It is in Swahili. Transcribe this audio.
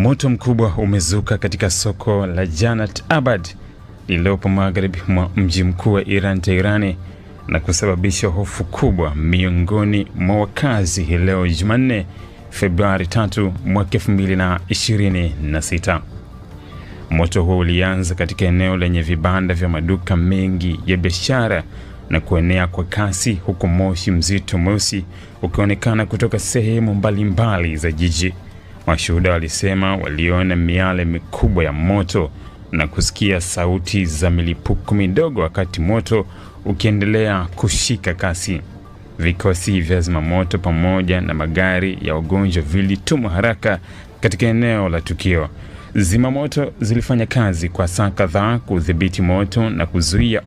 Moto mkubwa umezuka katika soko la Janat Abad lililopo magharibi mwa mji mkuu wa Iran Teherani na kusababisha hofu kubwa miongoni mwa wakazi leo Jumanne, Februari 3 mwaka 2026. Moto huo ulianza katika eneo lenye vibanda vya maduka mengi ya biashara na kuenea kwa kasi huku moshi mzito mweusi ukionekana kutoka sehemu mbalimbali za jiji. Washuhuda walisema waliona miale mikubwa ya moto na kusikia sauti za milipuko midogo wakati moto ukiendelea kushika kasi. Vikosi vya zimamoto pamoja na magari ya wagonjwa vilitumwa haraka katika eneo la tukio. Zimamoto zilifanya kazi kwa saa kadhaa kudhibiti moto na kuzuia